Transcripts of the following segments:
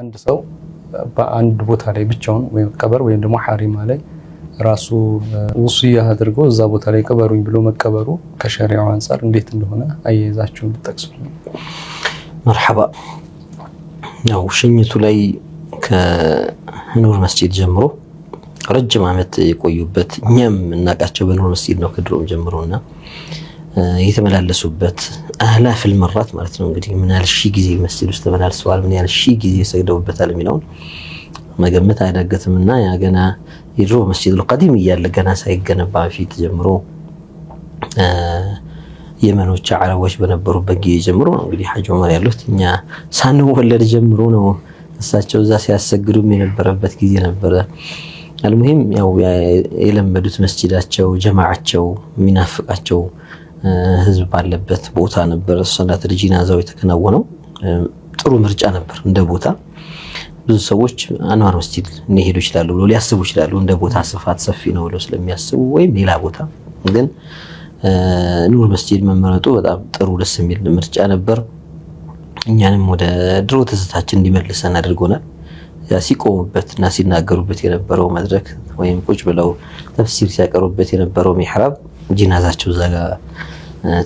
አንድ ሰው በአንድ ቦታ ላይ ብቻውን ወይም ቀበር ወይም ደግሞ ሐሪማ ላይ ራሱ ውሱያ አድርጎ እዛ ቦታ ላይ ቀበሩኝ ብሎ መቀበሩ ከሸሪዓው አንጻር እንዴት እንደሆነ አያይዛችሁ ልጠቅሱ። መርሐባ። ያው ሽኝቱ ላይ ከኑር መስጂድ ጀምሮ ረጅም ዓመት የቆዩበት እኛም እናቃቸው በኑር መስጂድ ነው ከድሮም ጀምሮና የተመላለሱበት አህላፍል መራት ማለት ነው። እንግዲህ ምን ያህል ሺህ ጊዜ መስጂድ ውስጥ ተመላልሰዋል፣ ምን ያህል ሺህ ጊዜ ሰግደውበታል የሚለውን መገመት አያዳግትም እና ያ ገና የድሮ መስጂዱል ልቀዲም እያለ ገና ሳይገነባ በፊት ጀምሮ የመኖች አረቦች በነበሩበት ጊዜ ጀምሮ ነው እንግዲህ ሐጅ ዑመር ያሉት። እኛ ሳንወለድ ጀምሮ ነው እሳቸው እዛ ሲያሰግዱም የነበረበት ጊዜ ነበረ። አልሙሂም ያው የለመዱት መስጂዳቸው ጀማዓቸው የሚናፍቃቸው ህዝብ ባለበት ቦታ ነበር ሶላት ልጂና ዛው የተከናወነው። ጥሩ ምርጫ ነበር እንደ ቦታ። ብዙ ሰዎች አንዋር መስጂድ ሊሄዱ ይችላሉ ብሎ ሊያስቡ ይችላሉ፣ እንደ ቦታ ስፋት ሰፊ ነው ብሎ ስለሚያስቡ ወይም ሌላ ቦታ። ግን ኑር መስጂድ መመረጡ በጣም ጥሩ ደስ የሚል ምርጫ ነበር። እኛንም ወደ ድሮ ትዝታችን እንዲመልሰን አድርጎናል። ሲቆሙበት እና ሲናገሩበት የነበረው መድረክ ወይም ቁጭ ብለው ተፍሲር ሲያቀርቡበት የነበረው ሚሕራብ ጂናዛቸው እዛ ጋር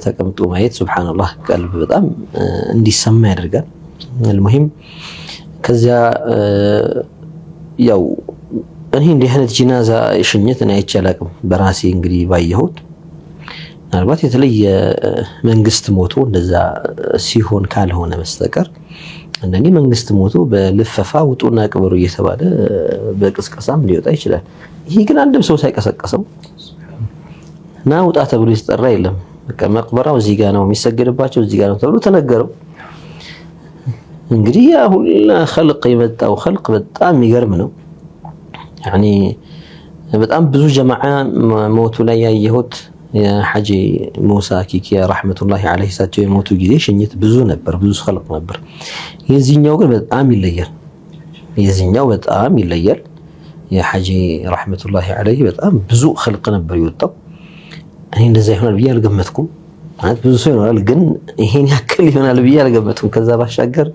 ተቀምጦ ማየት ሱብሓነላህ ቀልብ በጣም እንዲሰማ ያደርጋል። አልሙሂም ከዚያ ያው እኔ እንዲህ አይነት ጂናዛ ሽኝት እኔ አይቼ አላቅም። በራሴ እንግዲህ ባየሁት ምናልባት የተለየ መንግስት ሞቶ እንደዛ ሲሆን ካልሆነ በስተቀር አንዳንዴ መንግስት ሞቶ በልፈፋ ውጡና ቅበሩ እየተባለ በቅስቀሳም ሊወጣ ይችላል። ይሄ ግን አንድም ሰው ሳይቀሰቀሰው ና ውጣ ተብሎ የተጠራ የለም። በቃ መቅበራው እዚህ ጋር ነው የሚሰገድባቸው እዚህ ጋር ነው ተብሎ ተነገረው። እንግዲህ ያ ሁላ ኸልቅ የመጣው ኸልቅ በጣም የሚገርም ነው። ያኒ በጣም ብዙ ጀማዓ ሞቱ ላይ ያየሁት የሐጂ ሙሳ ኪኪያ ረሕመቱላሂ ዓለይሂ እሳቸው የሞቱ ጊዜ ሽኝት ብዙ ነበር፣ ብዙ ኸልቅ ነበር። የዚህኛው ግን በጣም ይለያል። የዚህኛው በጣም ይለያል። የሐጂ ረሕመቱላሂ ዓለይሂ በጣም ብዙ ኸልቅ ነበር ይወጣው እኔ እንደዛ ይሆናል ብዬ አልገመትኩም። ማለት ብዙ ሰው ይኖራል፣ ግን ይሄን ያክል ይሆናል ብዬ አልገመትኩም። ከዛ ባሻገር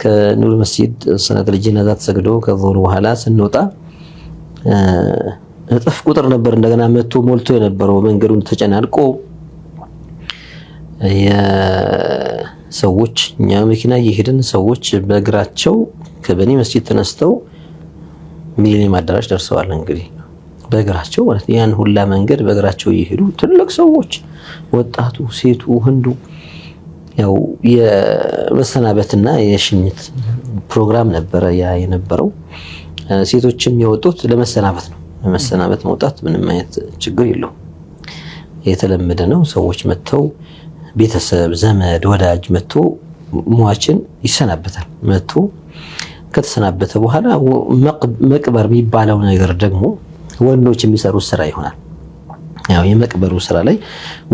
ከኑር መስጂድ ሰላት ልጅናዛ ተሰግዶ ከዙር በኋላ ስንወጣ እጥፍ ቁጥር ነበር እንደገና መቶ ሞልቶ የነበረው መንገዱን ተጨናንቆ ሰዎች እኛ መኪና እየሄድን ሰዎች በእግራቸው ከበኒ መስጂድ ተነስተው ሚሊኒየም አዳራሽ ደርሰዋል እንግዲህ በእግራቸው ማለት ያን ሁላ መንገድ በእግራቸው እየሄዱ ትልቅ ሰዎች፣ ወጣቱ፣ ሴቱ፣ ህንዱ ያው የመሰናበትና የሽኝት ፕሮግራም ነበረ ያ የነበረው። ሴቶችም የወጡት ለመሰናበት ነው። ለመሰናበት መውጣት ምንም አይነት ችግር የለውም፣ የተለመደ ነው። ሰዎች መጥተው ቤተሰብ፣ ዘመድ፣ ወዳጅ መጥቶ ሟችን ይሰናበታል። መጥቶ ከተሰናበተ በኋላ መቅበር የሚባለው ነገር ደግሞ ወንዶች የሚሰሩት ስራ ይሆናል። ያው የመቅበሩ ስራ ላይ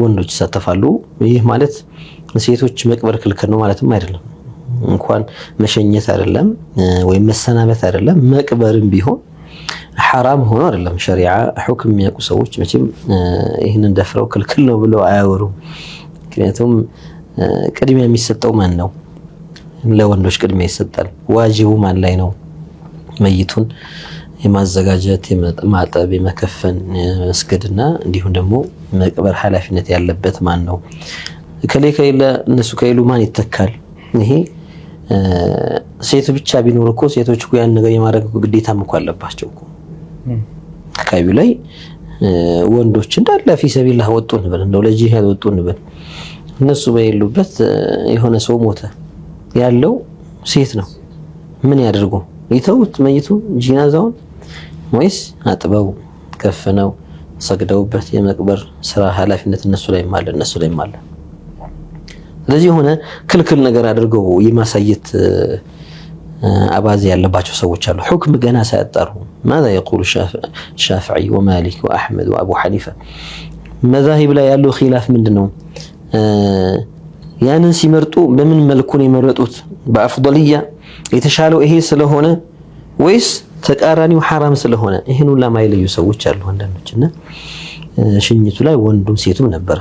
ወንዶች ይሳተፋሉ። ይህ ማለት ሴቶች መቅበር ክልክል ነው ማለትም አይደለም። እንኳን መሸኘት አይደለም ወይም መሰናበት አይደለም፣ መቅበርም ቢሆን ሐራም ሆኖ አይደለም። ሸሪዓ ሁክም የሚያውቁ ሰዎች መቼም ይህንን ደፍረው ክልክል ነው ብለው አያወሩም። ምክንያቱም ቅድሚያ የሚሰጠው ማን ነው? ለወንዶች ቅድሚያ ይሰጣል። ዋጅቡ ማን ላይ ነው? መይቱን የማዘጋጀት፣ የማጠብ፣ የመከፈን፣ መስገድና እንዲሁም ደግሞ መቅበር ኃላፊነት ያለበት ማን ነው? ከሌ ከሌለ እነሱ ከሌሉ ማን ይተካል? ይሄ ሴት ብቻ ቢኖር እኮ ሴቶች እኮ ያን ነገር የማድረግ ግዴታም እኮ አለባቸው እኮ አካባቢው ላይ ወንዶች እንዳለ ፊሰቢላህ ወጡ እንበል፣ እንደው ለጂሃድ ወጡ እንበል። እነሱ በሌሉበት የሆነ ሰው ሞተ፣ ያለው ሴት ነው። ምን ያደርጉ? ይተውት መይቱ ጂናዛውን ወይስ አጥበው ከፍነው ሰግደውበት የመቅበር ስራ ኃላፊነት እነሱ ላይም አለ እነሱ ላይም አለ። ስለዚህ የሆነ ክልክል ነገር አድርገው የማሳየት አባዜ ያለባቸው ሰዎች አሉ። ሁክም ገና ሳያጠሩ ማዛ የቁሉ ሻፍዒ ወማሊክ ወአሕመድ ወአቡ ሐኒፋ መዛሂብ ላይ ያለው ኺላፍ ምንድን ነው? ያንን ሲመርጡ በምን መልኩ ነው የመረጡት? በአፍዶልያ የተሻለው ይሄ ስለሆነ ወይስ ተቃራኒው ሐራም ስለሆነ ይህን ሁላ ማይለዩ ሰዎች አሉ አንዳንዶች። እና ሽኝቱ ላይ ወንዱም ሴቱም ነበረ።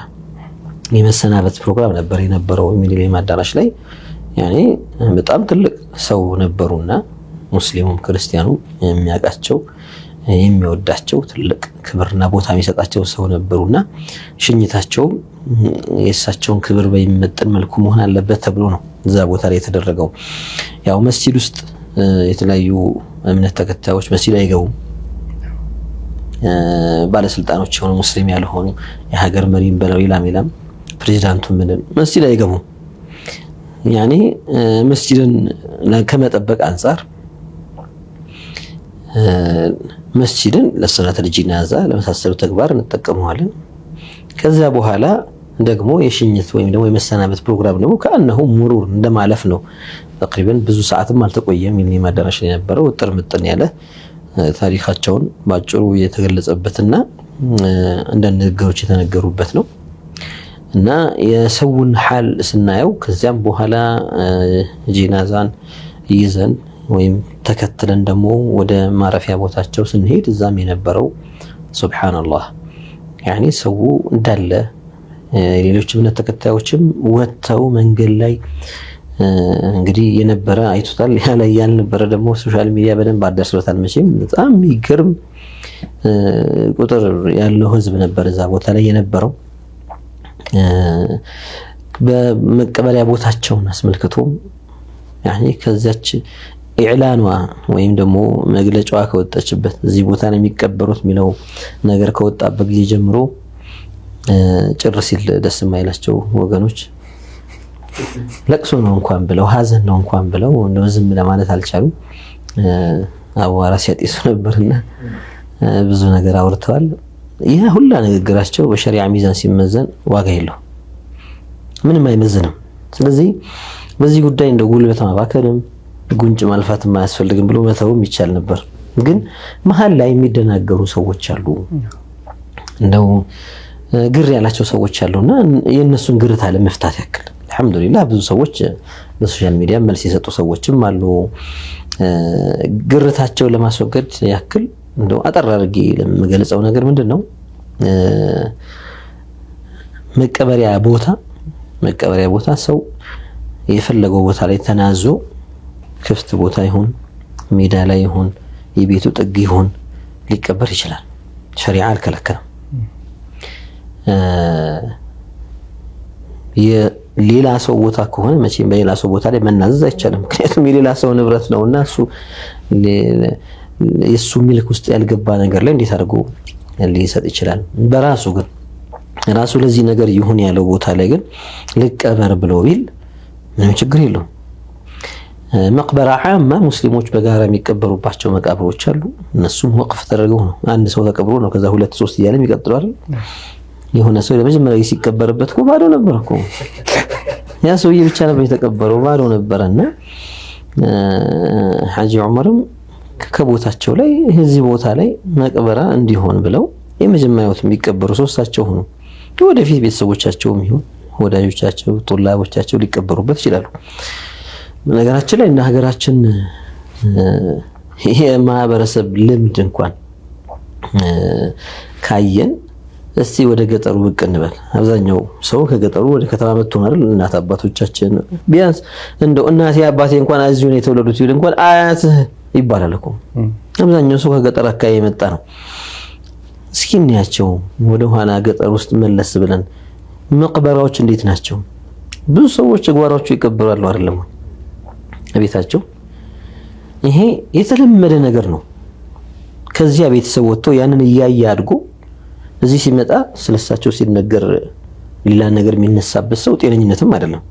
የመሰናበት ፕሮግራም ነበር የነበረው ሚሊኒየም አዳራሽ ላይ። ያኔ በጣም ትልቅ ሰው ነበሩና ሙስሊሙም ክርስቲያኑ የሚያውቃቸው የሚወዳቸው ትልቅ ክብርና ቦታ የሚሰጣቸው ሰው ነበሩና ሽኝታቸውም የእሳቸውን ክብር በሚመጥን መልኩ መሆን አለበት ተብሎ ነው እዛ ቦታ ላይ የተደረገው። ያው መስጂድ ውስጥ የተለያዩ እምነት ተከታዮች መስጂድ አይገቡም። ባለስልጣኖች የሆኑ ሙስሊም ያልሆኑ የሀገር መሪም በለው ይላም ይላም ፕሬዚዳንቱ ምንም መስጂድ አይገቡም። ያኔ መስጂድን ከመጠበቅ አንጻር መስጂድን ለሰላት ልጅ ናዛ ለመሳሰሉ ተግባር እንጠቀመዋለን። ከዚያ በኋላ ደግሞ የሽኝት ወይም ደግሞ የመሰናበት ፕሮግራም ደግሞ ከአነሁ ሙሩር እንደማለፍ ነው። ተቅሪበን ብዙ ሰዓትም አልተቆየም። ሚሊኒየም አዳራሽ የነበረው ውጥር ምጥን ያለ ታሪካቸውን በአጭሩ የተገለጸበትና አንዳንድ ንግግሮች የተነገሩበት ነው እና የሰውን ሐል ስናየው ከዚያም በኋላ ጂናዛን ይዘን ወይም ተከትለን ደግሞ ወደ ማረፊያ ቦታቸው ስንሄድ እዛም የነበረው ሱብሓነላህ ያኔ ሰው እንዳለ የሌሎች እምነት ተከታዮችም ወጥተው መንገድ ላይ እንግዲህ የነበረ አይቶታል፣ ላይ ያልነበረ ደግሞ ሶሻል ሚዲያ በደንብ አዳስሎታል። መቼም በጣም የሚገርም ቁጥር ያለው ህዝብ ነበር እዛ ቦታ ላይ የነበረው። በመቀበያ ቦታቸውን አስመልክቶ ከዚያች ኢዕላኗ ወይም ደግሞ መግለጫዋ ከወጣችበት እዚህ ቦታ ነው የሚቀበሩት የሚለው ነገር ከወጣበት ጊዜ ጀምሮ ጭር ሲል ደስ የማይላቸው ወገኖች ለቅሶ ነው እንኳን ብለው ሀዘን ነው እንኳን ብለው ዝም ለማለት አልቻሉም። አቧራ ሲያጤሱ ነበርና ብዙ ነገር አውርተዋል። ይህ ሁላ ንግግራቸው በሸሪዓ ሚዛን ሲመዘን ዋጋ የለው፣ ምንም አይመዝንም። ስለዚህ በዚህ ጉዳይ እንደ ጉልበት ማባከልም ጉንጭ ማልፋት አያስፈልግም ብሎ መተውም ይቻል ነበር። ግን መሀል ላይ የሚደናገሩ ሰዎች አሉ እንደው ግር ያላቸው ሰዎች አሉና የእነሱን ግርታ ለመፍታት ያክል አልሐምዱሊላህ ብዙ ሰዎች በሶሻል ሚዲያ መልስ የሰጡ ሰዎችም አሉ። ግርታቸው ለማስወገድ ያክል እንደው አጠር አድርጌ ለምገልጸው ነገር ምንድን ነው መቀበሪያ ቦታ መቀበሪያ ቦታ ሰው የፈለገው ቦታ ላይ ተናዞ ክፍት ቦታ ይሁን ሜዳ ላይ ይሁን የቤቱ ጥግ ይሁን ሊቀበር ይችላል። ሸሪዓ አልከለከለም። የሌላ ሰው ቦታ ከሆነ መቼም በሌላ ሰው ቦታ ላይ መናዘዝ አይቻልም። ምክንያቱም የሌላ ሰው ንብረት ነውና እሱ የእሱ ሚልክ ውስጥ ያልገባ ነገር ላይ እንዴት አድርጎ ሊሰጥ ይችላል? በራሱ ግን ራሱ ለዚህ ነገር ይሁን ያለው ቦታ ላይ ግን ልቀበር ብሎ ቢል ምንም ችግር የለውም። መቅበራ ዓማ ሙስሊሞች በጋራ የሚቀበሩባቸው መቃብሮች አሉ። እነሱም ወቅፍ ተደርገው ነው። አንድ ሰው ተቀብሮ ነው ከዛ ሁለት ሶስት እያለም አይደል የሆነ ሰው ለመጀመሪያ ሲቀበርበት እኮ ባዶ ነበር እኮ ያ ሰውዬ ብቻ ነበር የተቀበረው፣ ባዶ ነበረና ሐጂ ዑመርም ከቦታቸው ላይ እዚህ ቦታ ላይ መቅበራ እንዲሆን ብለው የመጀመሪያውት የሚቀበሩ ሶስታቸው ሆኑ። ወደፊት ቤተሰቦቻቸውም ይሁን ወዳጆቻቸው፣ ጦላቦቻቸው ሊቀበሩበት ይችላሉ። ነገራችን ላይ እንደ ሀገራችን የማህበረሰብ ልምድ እንኳን ካየን እስቲ ወደ ገጠሩ ብቅ እንበል። አብዛኛው ሰው ከገጠሩ ወደ ከተማ መጥቶ አይደል? እናት አባቶቻችን ቢያንስ እንደው እናቴ አባቴ እንኳን እዚሁ ነው የተወለዱት ቢል እንኳን አያትህ ይባላል እኮ አብዛኛው ሰው ከገጠር አካባቢ የመጣ ነው። እስኪ እንያቸው ወደኋላ ገጠር ውስጥ መለስ ብለን መቅበራዎች እንዴት ናቸው? ብዙ ሰዎች ጓሯቹ ይቀበራሉ አይደለም? ቤታቸው ይሄ የተለመደ ነገር ነው። ከዚያ ቤተሰብ ወጥቶ ያንን እያየ አድጎ እዚህ ሲመጣ ስለሳቸው ሲነገር ሌላ ነገር የሚነሳበት ሰው ጤነኝነትም አይደለም።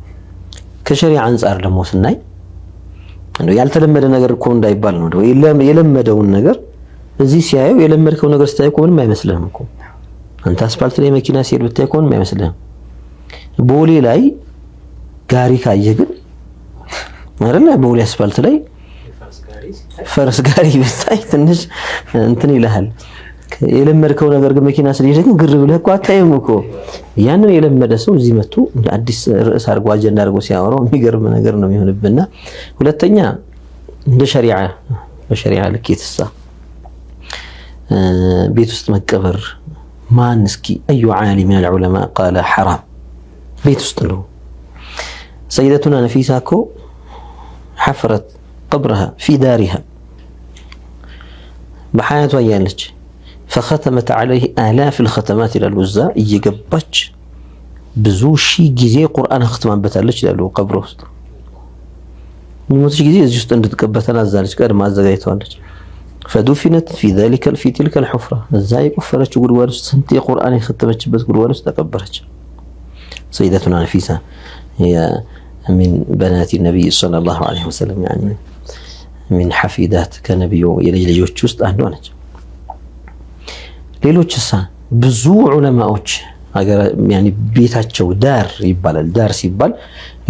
ከሸሪያ አንጻር ደግሞ ስናይ ያልተለመደ ነገር እኮ እንዳይባል ነው። የለመደውን ነገር እዚህ ሲያየው የለመድከው ነገር ስታይ እኮ ምንም አይመስልህም እኮ አንተ አስፓልት ላይ መኪና ሲሄድ ብታይ እኮ ምንም አይመስልህም። ቦሌ ላይ ጋሪ ካየህ ግን አይደለ ቦሌ አስፓልት ላይ ፈረስ ጋሪ ብታይ ትንሽ እንትን ይልሃል። የለመድከው ነገር ግን መኪና ስለሄደ ግን ግር ብለህ እኮ አታይም እኮ። ያንን የለመደ ሰው እዚህ መጥቶ እንደ አዲስ ርዕስ አድርጎ አጀንዳ አድርጎ ሲያወራው የሚገርም ነገር ነው የሚሆንብና፣ ሁለተኛ እንደ ሸሪዓ በሸሪዓ ልክ የተሳ ቤት ውስጥ መቀበር ማን እስኪ አዩ ዓሊም ሚነል ዑለማ ቃለ ሐራም ቤት ውስጥ ነው። ሰይደቱና ነፊሳ እኮ ሐፈረት ቀብረሃ ፊ ዳሪሃ በሐያቷ እያለች فختمت عليه آلاف الختمات إلى الوزة يقبج بزو شي جزي قرآن ختمان بتالج لألو قبره نموتش جزي جزيست أن تقبتنا الزالج قر ما زغيتوانج فدفنت في ذلك في تلك الحفرة زاي قفرش قروانش سنتي قرآن ختمت بس قروانش تقبرش سيدتنا نفيسة هي من بنات النبي صلى الله عليه وسلم يعني من حفيدات كنبي يلي يلي يوتشوست أهلوانش ሌሎች ብዙ ዑለማዎች ቤታቸው ዳር ይባላል። ዳር ሲባል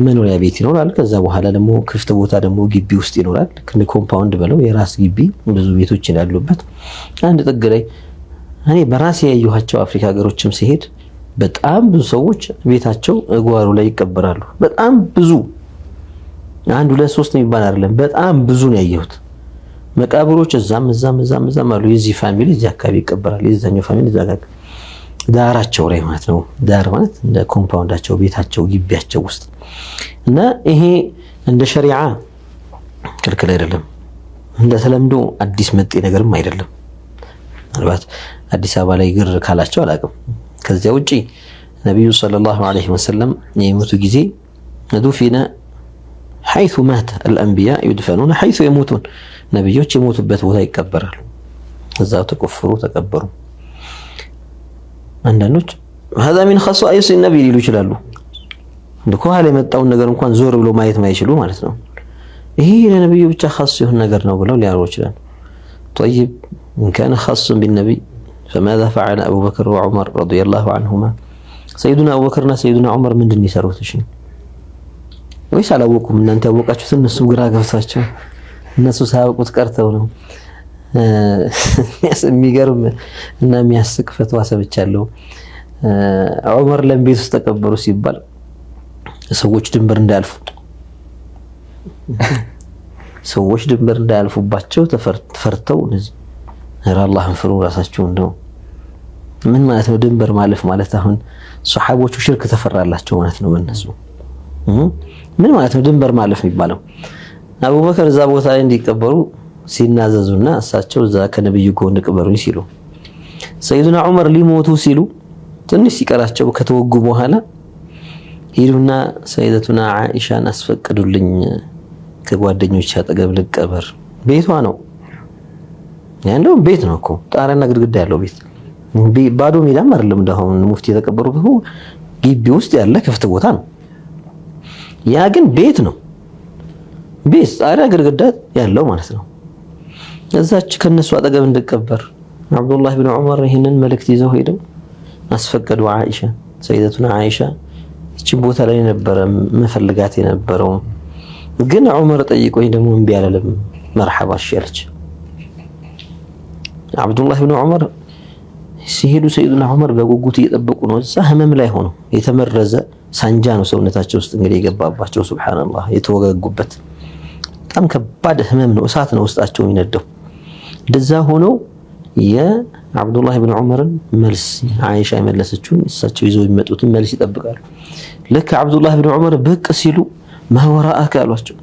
መኖሪያ ቤት ይኖራል። ከዛ በኋላ ደግሞ ክፍት ቦታ ደግሞ ግቢ ውስጥ ይኖራል። ኮምፓውንድ በለው የራስ ግቢ ብዙ ቤቶች ያሉበት አንድ ጥግ ላይ እኔ በራሴ ያየኋቸው አፍሪካ ሀገሮችም ሲሄድ በጣም ብዙ ሰዎች ቤታቸው እጓሩ ላይ ይቀበራሉ። በጣም ብዙ አንድ ሁለት ሶስት የሚባል አይደለም። በጣም ብዙ ነው ያየሁት። መቃብሮች እዛም እዛም እዛም እዛም አሉ። የዚህ ፋሚሊ እዚህ አካባቢ ይቀበራል፣ የዛኛው ፋሚሊ እዛ ጋር ዳራቸው ላይ ማለት ነው። ዳር ማለት እንደ ኮምፓውንዳቸው፣ ቤታቸው፣ ግቢያቸው ውስጥ እና ይሄ እንደ ሸሪዓ ክልክል አይደለም። እንደ ተለምዶ አዲስ መጤ ነገርም አይደለም። ምናልባት አዲስ አበባ ላይ ግር ካላቸው አላቅም። ከዚያ ውጪ ነቢዩ ሰለላሁ ዐለይሂ ወሰለም የሞቱ ጊዜ ዱፊነ ሐይሱ ማተ አልአንቢያ ዩድፈኑን ሐይሱ የሞቱን ነቢዮች የሞቱበት ቦታ ይቀበራሉ። እዛው ተቆፍሩ ተቀበሩ። አንዳንዶች ሀዛ ሚን ኸሷኢስ ነቢይ ሊሉ ይችላሉ። ከኋላ የመጣውን ነገር እንኳን ዞር ብሎ ማየት ማይችሉ ማለት ነው። ይሄ ለነቢዩ ብቻ ኻስ የሆነ ነገር ነው ብለው ሊያሩ ይችላሉ። ጠይብ እንካነ ኻሱን ቢነቢይ ፈማዛ ፈዓለ አቡበክር ወዑመር ረዲየላሁ ዐንሁማ። ሰይዱና አቡበክርና ሰይዱና ዑመር ምንድን ይሰሩት? ወይስ አላወቁም? እናንተ ያወቃችሁት እነሱ ግራ ገብሳቸው እነሱ ሳያውቁት ቀርተው ነው። የሚገርም እና የሚያስቅ ፈትዋ ሰብቻለሁ። ዑመር ለምን ቤት ውስጥ ተቀበሩ ሲባል ሰዎች ድንበር እንዳያልፉ ሰዎች ድንበር እንዳያልፉባቸው ተፈርተው እነዚህ ኧረ አላህን ፍሩ ራሳቸው እንደው ምን ማለት ነው? ድንበር ማለፍ ማለት አሁን ሶሐቦቹ ሽርክ ተፈራላቸው ማለት ነው በእነሱ ምን ማለት ነው? ድንበር ማለፍ የሚባለው አቡበከር እዛ ቦታ ላይ እንዲቀበሩ ሲናዘዙና እሳቸው እዛ ከነብዩ ጎን ቅበሩኝ ሲሉ ሰይዱና ዑመር ሊሞቱ ሲሉ ትንሽ ሲቀራቸው ከተወጉ በኋላ ሂዱና ሰይደቱና አኢሻን አስፈቅዱልኝ ከጓደኞች አጠገብ ልቀበር። ቤቷ ነው ያለው፣ ቤት ነው እኮ ጣሪያና ግድግዳ ያለው ቤት ባዶ ሜዳም አይደለም። እንዳሁን ሙፍቲ የተቀበሩበት ግቢ ውስጥ ያለ ክፍት ቦታ ነው። ያ ግን ቤት ነው። ቤት ጣሪያ፣ ግድግዳ ያለው ማለት ነው። እዛች ከነሱ አጠገብ እንድቀበር አብዱላህ ብን ዑመር ይህንን መልእክት ይዘው ሄደው አስፈቀዱ። አይሻ ሰይደቱና አይሻ እቺ ቦታ ላይ ነበረ መፈልጋት የነበረው ግን ዑመር ጠይቆኝ ደግሞ እምቢ አላለም። መርሐባ እሺ አለች። አብዱላህ ብን ዑመር ሲሄዱ ሰይዱና ዑመር በጉጉት እየጠበቁ ነው። እዛ ህመም ላይ ሆኖ የተመረዘ ሳንጃ ነው ሰውነታቸው ውስጥ እንግዲህ የገባባቸው። ሱብሃንአላህ፣ የተወገጉበት በጣም ከባድ ህመም ነው። እሳት ነው ውስጣቸው የሚነደው። እንደዛ ሆነው የአብዱላህ ብን ዑመርን መልስ አይሻ የመለሰችውን እሳቸው ይዘው የሚመጡትን መልስ ይጠብቃሉ። ልክ አብዱላህ ብን ዑመር ብቅ ሲሉ ማወራአከ አሏቸው።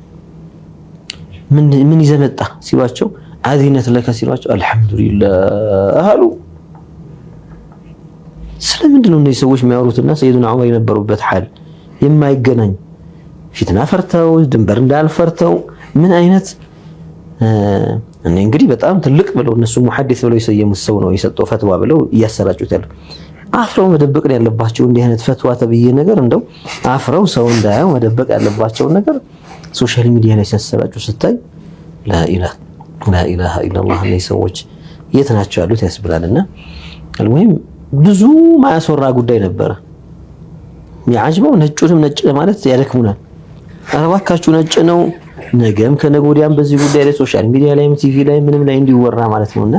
ምን ይዘመጣ ሲሏቸው አዚነት ለከ ሲሏቸው አልሐምዱሊላህ አሉ። ስለምንድን ነው እነዚህ ሰዎች የሚያወሩትና ሰይዱና ዑመር የነበሩበት ሐል የማይገናኝ ፊትና ፈርተው ድንበር እንዳልፈርተው ምን አይነት እኔ እንግዲህ በጣም ትልቅ ብለው እነሱ ሙሐዲስ ብለው የሰየሙት ሰው ነው የሰጠው ፈትዋ ብለው እያሰራጩት ያለው። አፍረው መደበቅ ያለባቸው እንዲህ አይነት ፈትዋ ተብዬ ነገር እንደው አፍረው ሰው እንዳያው መደበቅ ያለባቸው ነገር ሶሻል ሚዲያ ላይ ሲያሰራጩ ስታይ ላኢላሃ ኢለላህ እነዚህ ሰዎች የት ናቸው ያሉት ያስብላልና አልሙሂም ብዙ ማያስወራ ጉዳይ ነበረ። የሚያጅበው ነጩንም ነጭ ለማለት ያደክሙናል። አረባካችሁ ነጭ ነው፣ ነገም ከነገ ወዲያም በዚህ ጉዳይ ላይ ሶሻል ሚዲያ ላይም ቲቪ ላይ ምንም ላይ እንዲወራ ማለት ነውና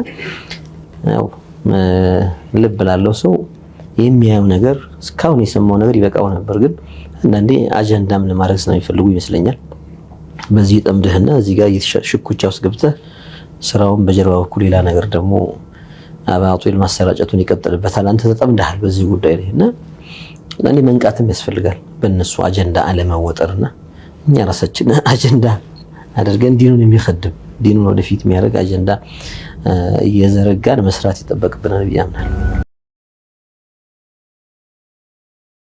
ያው ልብ ላለው ሰው የሚያየው ነገር እስካሁን የሰማው ነገር ይበቃው ነበር። ግን አንዳንዴ አጀንዳም ለማድረግ ስለሚፈልጉ ይመስለኛል በዚህ ጠምደህና እዚህ ጋር ሽኩቻ ውስጥ ገብተህ ስራውን በጀርባ በኩል ሌላ ነገር ደግሞ አባጢል ማሰራጨቱን ይቀጥልበታል። አንተ ተጠምደሃል በዚህ ጉዳይ ላይ እና አንዳንዴ መንቃትም ያስፈልጋል። በእነሱ አጀንዳ አለመወጠርና እኛ ራሳችን አጀንዳ አድርገን ዲኑን የሚከድም ዲኑን ወደፊት የሚያደርግ አጀንዳ እየዘረጋን መስራት ይጠበቅብናል ብዬ አምናለሁ።